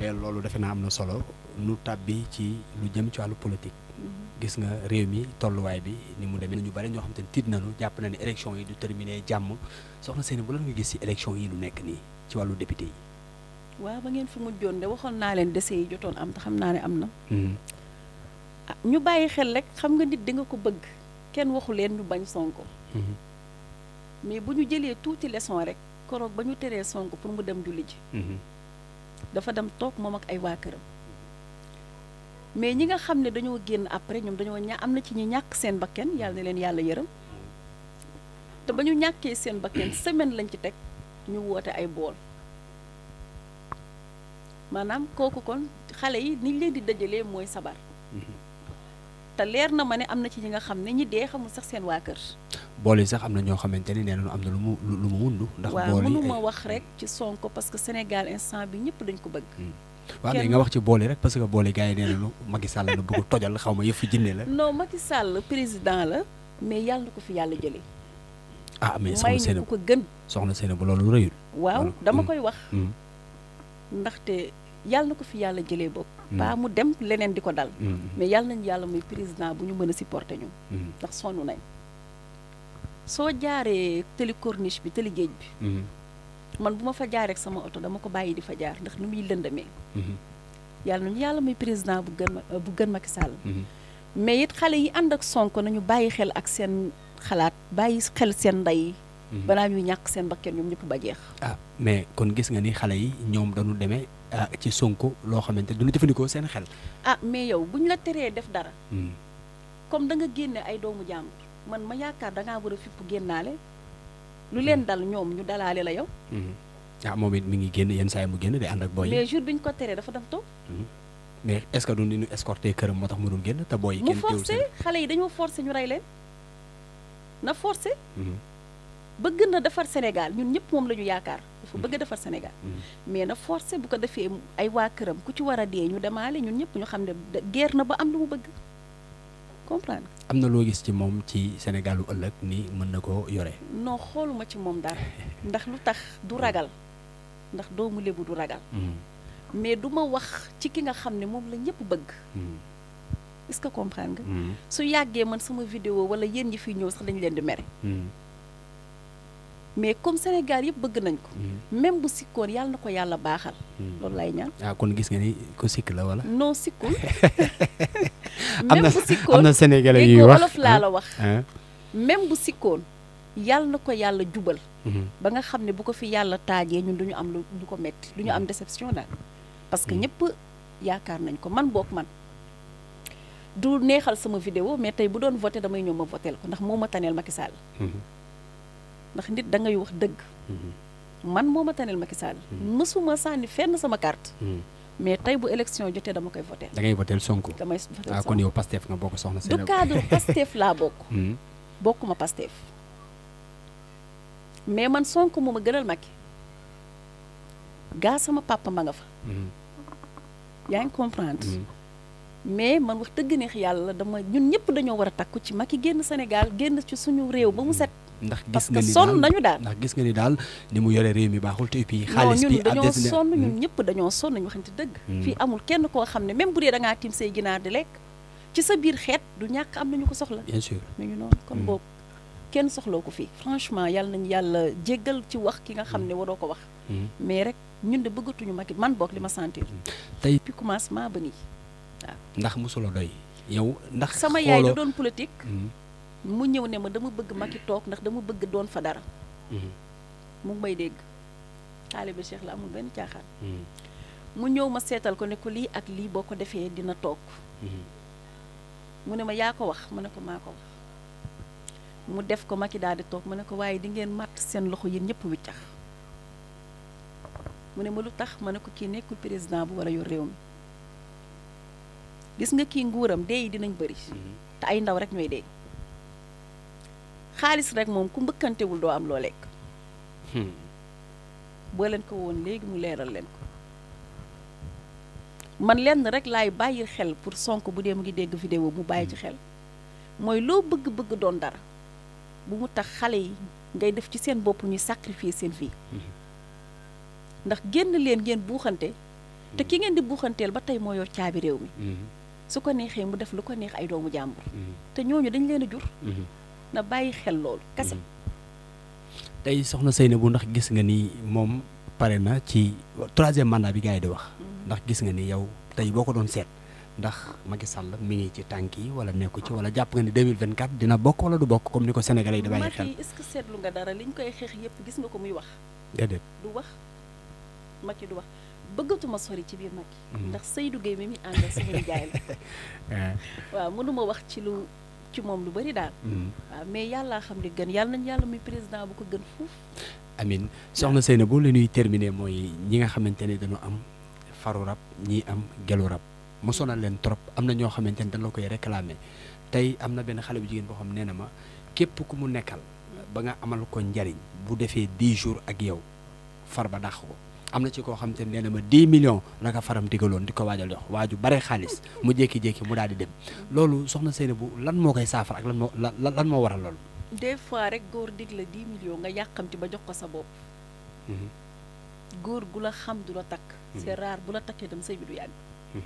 leen loolu defe naa am na solo nu bi ci lu jëm ci wàllu politique mm-hmm. gis nga réew mi tolluwaay bi ni mu demee na ñu bari ñoo xam te ne tiit nañu jàpp na ne élection yi du terminé jàmm soxna Seyni bu la nga gis ci élection yi lu nekk nii ci wàllu député yi waaw ba ngeen fi mujjoon de waxoon naa leen dese yi jotoon am te xam naa ne am na mm-hmm. ah, ñu bàyyi xel rek xam nga nit di nga ko bëgg kenn waxu leen ñu bañ Sonko mm-hmm. mais bu ñu jëlee tuuti leçon rek koroog ba ñu teree Sonko pour mu dem julli ji dafa dem toog moom ak ay waa këram mais ñi nga xam ne dañoo génn après ñoom dañoo ña am na ci ñi ñàkk seen bakken yàlla na leen yàlla yërëm te ba ñu ñàkkee seen bakken semaine lañ ci teg ñu woote ay bool maanaam kooku kon xale yi niñ leen di dajalee mooy sabar mm-hmm. te leer na ma ne am na ci ñi nga xam ne ñi dee xamul sax seen waa kër bool yi sax am na ñoo xamante ne nee nañu am na lu mu lu mu wund. ndax bool yi waaw wax rek ci son parce que Sénégal instant bi ñëpp dañ ko bëgg. Hmm. waaw mais nga wax ci bool parce que bool yi gars yi nee nañu Macky Sall la bëgg tojal xaw ma yëfu jinne la. non Macky Sall président la mais yàlla na ko fi yàlla jëlee. ah mais soxna Séné may ko gën. soxna Séné bu loolu rëyul. waaw dama hmm. koy wax. Hmm. ndaxte yàlla ko fi yàlla jëlee bopp. ba mu dem leneen di ko dal. mais yàlla nañ yàlla muy président bu ñu mën a supporter ñu. ndax sonn nañ soo jaaree tëli corniche bi tëli géej bi. Mhm. man bu ma fa jaaree ak sama oto dama ko bàyyi di fa jaar ndax nu muy lëndamee. Mhm. yàlla nañu yàlla muy président bu gën bu gën Macky Sall. Mhm. mais it xale yi ànd ak Sonko nañu bàyyi xel ak seen xalaat bàyyi xel seen ndey. balaa ñuy ñàkk seen bakkan ñoom ñëpp ba jeex. ah mais kon gis nga ni xale yi ñoom dañu demee ah, ci Sonko loo xamante duñu jëfandikoo seen xel. ah mais yow buñ la teree def dara. comme da nga génne ay doomu jàmbur. man ma yaakaar dangaa ngaa war a fipp génnaale lu leen hmm. dal ñoom ñu dalaale la yow. Hmm. ah moom it mi ngi génn yenn saa mu génn day ànd ak booy mais bi ñu ko teree dafa dem toog. Hmm. mais est ce que du ñu escorté këram moo tax mu doon génn te booy. mu forcé xale yi dañoo forcé ñu rey leen na forcé. bëgg na defar Sénégal ñun ñëpp moom la ñu yaakaar. dafa bëgg a defar Sénégal. mais na forcé bu ko defee ay waa këram ku ci war a dee ñu demaale ñun ñëpp ñu xam ne guerre na ba am lu mu bëgg. comprendre am na loo gis ci moom ci Sénégalu ëllëg ni mën na koo yore. noo xooluma ci moom daal ndax lu tax du ragal ndax doomu lébu du ragal. Hmm. mais du ma wax ci ki nga xam ne moom la ñëpp bëgg. Hmm. est-ce que comprendre nga. Hmm. su yàggee man sama vidéo wala yéen ñi fi ñëw sax dañu leen di mere. mais comme Sénégal yëpp bëgg nañ ko. Mm-hmm. même bu sikkoon yàlla na ko yàlla baaxal. Mm-hmm. loolu lay ñaan. ah kon gis nga ni ko sikk la wala. noo sikkul. même bu sikkoon am na sénégalais yuy wax olof laa la wax. même bu sikkoon yàlla na ko yàlla jubal. Mm-hmm. ba nga xam ne bu ko fi yàlla taajee ñun du ñu am lu ko metti ñu am déception daal. parce que ñëpp yaakaar nañ ko man boog man. du neexal sama vidéo mais tey bu doon voté damay ñëw ma voté ko ndax moo ma taneel Macky Sall ndax nit da ngay wax dëgg. Mm-hmm. man moo ma taneel Macky Sall. Mm-hmm. mësuma sànni fenn sama carte. Mm-hmm. mais tey bu élection jotee dama koy voté. da ngay voté Sonko damay voté ah, Sonko kon yow Pastef nga bokk soxna Sénégal du cadre Pastef laa bokk. bokkuma Pastef. mais man Sonko moo ma gënal Macky. gaa sama papa ma nga fa. yaa ngi comprendre. mais man wax dëgg neex yàlla dama ñun ñëpp dañoo war a takku ci Macky génn Sénégal génn ci suñu réew ba mu set. ndax gis nga ni sonn nañu daal ndax gis nga ni daal ni mu yore réew mi baaxul te puis xaalis bi dañoo sonn ñun hmm. ñëpp dañoo sonn ñu waxante dëgg hmm. fii amul kenn koo xam ne même bu dee da ngaa tiim say ginaar di lekk ci sa biir xeet du ñàkk am nañu ko soxla bien sûr ñu ngi kon hmm. boobu kenn soxloo ko fii franchement yàlla nañu yàlla jéggal ci wax ki nga xam ne waroo ko wax mais rek ñun de bëggatuñu Macky man boog li ma sentir tey depuis commencement ba nii waaw ndax mosuloo doy yow ndax sama yaay da doon politique mu ñëw ne ma dama bëgg Macky toog ndax dama bëgg doon fa dara. Mhm. mu may dégg. taalibe Cheikh la amul benn caaxaan. Mhm. mu ñëw ma seetal ko ne ko lii ak lii boo ko defee dina toog. Mhm. mu ne ma yaa ko wax mu ne ko maa ko wax. mu def ko Macky daal di toog mu ne ko waaye di ngeen màtt seen loxo yéen ñëpp wiccax mu ne ma lu tax ma ne ko kii nekkul président bu war a yor réew mi. gis nga kii nguuram dee yi dinañ bëri. te ay ndaw rek ñooy dee. xaalis rek moom ku mbëkkantewul doo am loo lekk hmm. boo leen ko woon léegi mu leeral leen ko man lenn rek laay bàyyi xel pour Sonko bu dee mu ngi dégg vidéo mu bàyyi ci hmm. xel mooy loo bëgg-bëgg doon dara bu mu tax xale yi ngay def ci seen bopp ñu sacrifier seen fii hmm. ndax génn leen ngeen buuxante te ki ngeen di buuxanteel ba tey moo yor caabi réew mi su ko neexee mu def lu ko neex ay doomu jàmbur te ñooñu dañ leen a jur na bàyyi xel loolu kese mm. tey soxna Seynabou ndax gis nga ni moom pare na ci troisième mandat bi gars yi di wax mm. ndax gis nga ni yow tey boo ko doon seet ndax Macky Sall mi ngi ci tànk yi wala nekku ci wala jàpp nga ni 2024 dina bokk wala du bokk comme ni ko Sénégalais yi di bàyyi xel koy xeex yëpp gis nga ko muy wax déedéet du wax Macky du wax bëggatuma sori ci biir Macky mm. ndax Seydou Gueye mi muy àndal sama nijaay la waaw mënuma wax ci lu ci moom lu bari daal. Mm-hmm. waaw mais yàlla xam ne gën yàlla nañ yàlla muy président bu ko gën fuuf. amin soxna Seynabou li ñuy terminer mooy ñi nga xamante ne dañoo am faru rab ñii am gelu rab mu sonal leen trop am na ñoo xamante ni dañ la koy réclamer tey am na benn xale bu jigéen boo xam nee na ma képp ku mu nekkal ba nga amal ko njariñ bu defee 10 jours ak yow far ba dàq ko. am na ci koo xam te ne nee na ma 10 millions la faram digaloon di ko waajal jox waaju bare xaalis mu jékki-jékki mu daal di dem loolu soxna bu lan moo koy saafara ak lan moo lan moo waral loolu. des fois rek góor dig la 10 nga yàqamti ba jox ko sa bopp. Mhm. gu la xam du la takk. Mhm. c'est rare bu la takkee dem sëy bi du yàgg. Mhm.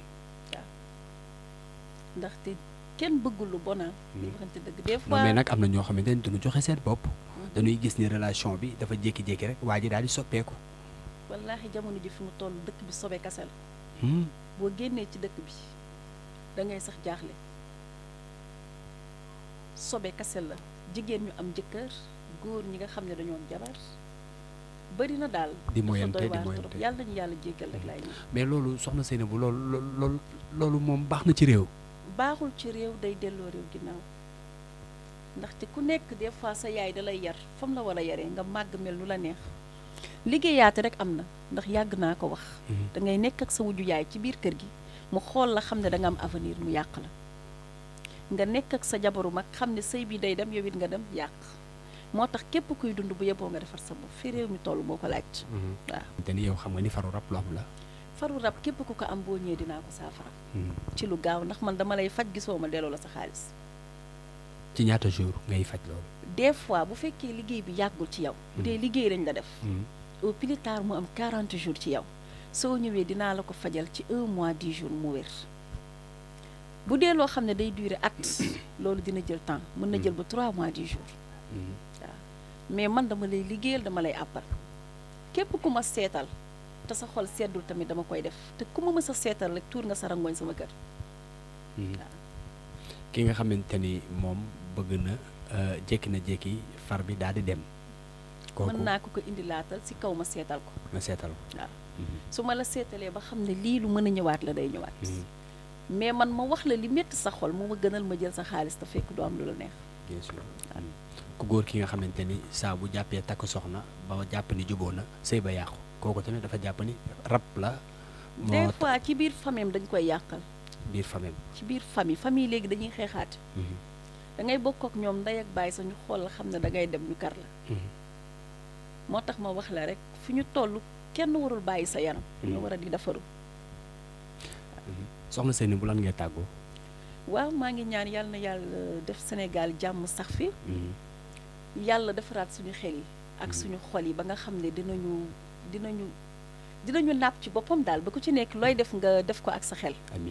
waaw ndaxte kenn bëggul lu bon ah. li waxante nag am na ñoo xam ne duñu joxe seen bopp. dañuy gis ni relation bi dafa jékki-jékki rek waa ji daal di soppeeku. wallaahi jamono ji fi mu toll dëkk bi sobe kase la hmm. boo génnee ci dëkk bi da ngay sax jaaxle sobe kase la jigéen ñu am jëkkër góor ñi nga xam ne dañoo am jabar bëri na daal. di moyante di moyante yàlla nañu yàlla jéggal rek laay mais loolu soxna Seynabou loolu loolu loolu moom baax na ci réew. baaxul ci réew day delloo réew ginnaaw ndaxte ku nekk des fois sa yaay dalay yar fam la war a yare nga màgg mel lu la neex. liggéeyaate rek am na ndax yàgg naa ko wax. Mhm. da ngay nekk ak sa wujju yaay ci biir kër gi mu xool la xam ne danga am avenir mu yàq la nga nekk ak sa jabaru mag xam ne sëy bi day dem yow it nga dem yàq moo tax képp kuy dund bu yeboo nga defar sa bopp fi réew mi toll moo ko laaj. Mhm. waaw te yow xam nga ni faru rab lu am la. faru rab képp ku ko am boo ñëwee dinaa ko saafara. Mhm. ci lu gaaw ndax man dama lay faj gisoo ma delloo la sa xaalis. ci ñaata jour ngay faj loolu. des fois bu fekkee liggéey bi yàggul ci yow. dee liggéey lañ la def. au plus tard mu am 40 jours ci yow soo ñëwee dinaa la ko fajal ci un mois di jour mu wér bu dee loo xam ne day durer at loolu dina jël temps mën na jël ba 3 mois 10 jours mm-hmm. mais man dama lay liggéeyal dama lay àppal képp ku ma seetal te sa xol seddul tamit dama koy def te ku ma mës a seetal rek tuur nga sa rangoñ sama kër mm-hmm. ki nga xamante ni moom bëgg na euh, jékki na jékki far bi daal di dem kooku mën naa ko ko indi laatal si kaw ma seetal ko. ma seetal ko mhm. su ma la seetalee ba xam ne lii lu mën a ñëwaat la day ñëwaat. Mhm. mais man ma wax la li métti sa xol moo ma gënal ma jël sa xaalis te fekk du am lu la mhm. ku góor ki nga xamante ni saa bu jàppee takk soxna ba jàpp ni juboo na sëy ba yàqu kooku tamit dafa jàpp ni rab la. moo des fois ci biir famille dañ koy yàqal. biir famille ci biir famille famille léegi dañuy xeexaat. da ngay bokk ak ñoom ndey ak baay sax ñu xool xam ne da ngay dem ñu kar la. moo tax ma wax la rek fu ñu toll kenn warul bàyyi sa yaram. Mm-hmm. nga war a di defaru. Mm-hmm. soxna Seyni bu lan ngay tàggoo. waaw maa ngi ñaan yàlla na yàlla def Sénégal jàmm sax fi. Mm-hmm. yàlla defaraat suñu xel yi. ak suñu xol yi ba nga xam ne dinañu dinañu dinañu napp ci boppam daal ba ku ci nekk looy def nga def ko ak sa xel.